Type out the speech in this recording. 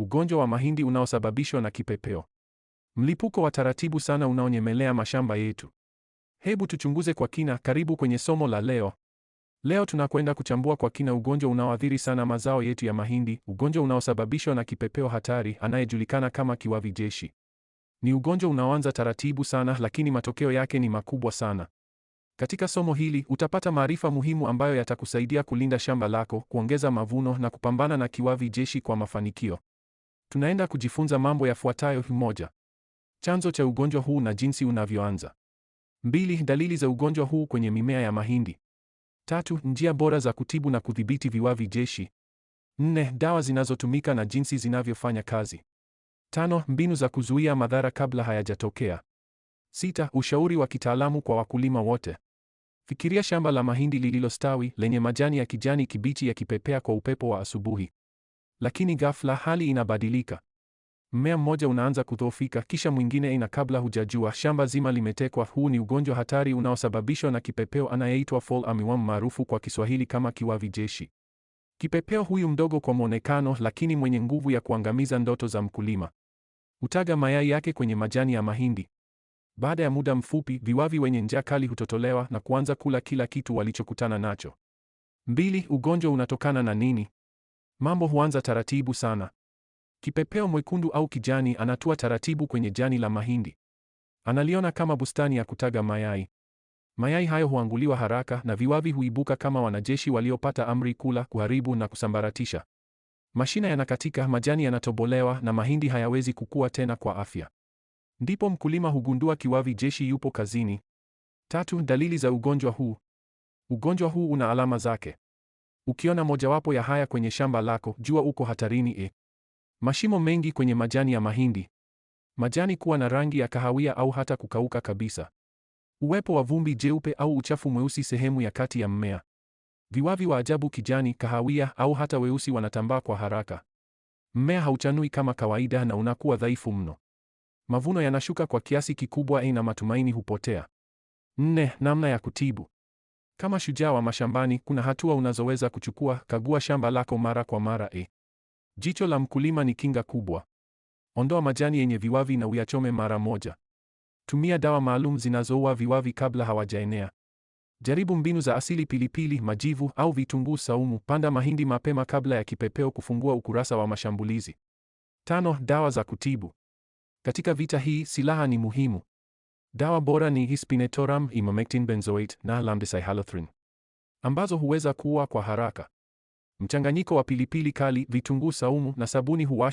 ugonjwa wa mahindi unaosababishwa na kipepeo, mlipuko wa taratibu sana unaonyemelea mashamba yetu. Hebu tuchunguze kwa kina. Karibu kwenye somo la leo. Leo tunakwenda kuchambua kwa kina ugonjwa unaoathiri sana mazao yetu ya mahindi, ugonjwa unaosababishwa na kipepeo hatari anayejulikana kama kiwavi jeshi. Ni ugonjwa unaoanza taratibu sana, lakini matokeo yake ni makubwa sana. Katika somo hili utapata maarifa muhimu ambayo yatakusaidia kulinda shamba lako, kuongeza mavuno na kupambana na kiwavi jeshi kwa mafanikio. Tunaenda kujifunza mambo yafuatayo: moja, chanzo cha ugonjwa huu na jinsi unavyoanza; mbili, dalili za ugonjwa huu kwenye mimea ya mahindi; tatu, njia bora za kutibu na kudhibiti viwavi jeshi; nne, dawa zinazotumika na jinsi zinavyofanya kazi; tano, mbinu za kuzuia madhara kabla hayajatokea; sita, ushauri wa kitaalamu kwa wakulima wote. Fikiria shamba la mahindi lililostawi lenye majani ya kijani kibichi yakipepea kwa upepo wa asubuhi. Lakini ghafla hali inabadilika. Mmea mmoja unaanza kudhoofika, kisha mwingine, ina kabla hujajua, shamba zima limetekwa. Huu ni ugonjwa hatari unaosababishwa na kipepeo anayeitwa fall armyworm maarufu kwa Kiswahili kama kiwavi jeshi. Kipepeo huyu mdogo kwa mwonekano, lakini mwenye nguvu ya kuangamiza ndoto za mkulima. Hutaga mayai yake kwenye majani ya mahindi. Baada ya muda mfupi, viwavi wenye njaa kali hutotolewa na kuanza kula kila kitu walichokutana nacho. Mbili, ugonjwa unatokana na nini? Mambo huanza taratibu sana. Kipepeo mwekundu au kijani anatua taratibu kwenye jani la mahindi. Analiona kama bustani ya kutaga mayai. Mayai hayo huanguliwa haraka na viwavi huibuka kama wanajeshi waliopata amri kula, kuharibu na kusambaratisha. Mashina yanakatika, majani yanatobolewa na mahindi hayawezi kukua tena kwa afya. Ndipo mkulima hugundua kiwavi jeshi yupo kazini. Tatu, dalili za ugonjwa huu. Ugonjwa huu una alama zake. Ukiona mojawapo ya haya kwenye shamba lako, jua uko hatarini. E, mashimo mengi kwenye majani ya mahindi, majani kuwa na rangi ya kahawia au hata kukauka kabisa, uwepo wa vumbi jeupe au uchafu mweusi sehemu ya kati ya mmea, viwavi wa ajabu kijani, kahawia au hata weusi wanatambaa kwa haraka. Mmea hauchanui kama kawaida na unakuwa dhaifu mno. Mavuno yanashuka kwa kiasi kikubwa, e, na matumaini hupotea. Nne, namna ya kutibu. Kama shujaa wa mashambani, kuna hatua unazoweza kuchukua. Kagua shamba lako mara kwa mara. E, jicho la mkulima ni kinga kubwa. Ondoa majani yenye viwavi na uyachome mara moja. Tumia dawa maalum zinazoua viwavi kabla hawajaenea. Jaribu mbinu za asili: pilipili, majivu au vitunguu saumu. Panda mahindi mapema kabla ya kipepeo kufungua ukurasa wa mashambulizi. Tano, dawa za kutibu. Katika vita hii silaha ni muhimu. Dawa bora ni hispinetoram, imamectin benzoate na Lambdacyhalothrin, ambazo huweza kuua kwa haraka. Mchanganyiko wa pilipili kali, vitunguu saumu na sabuni huwasha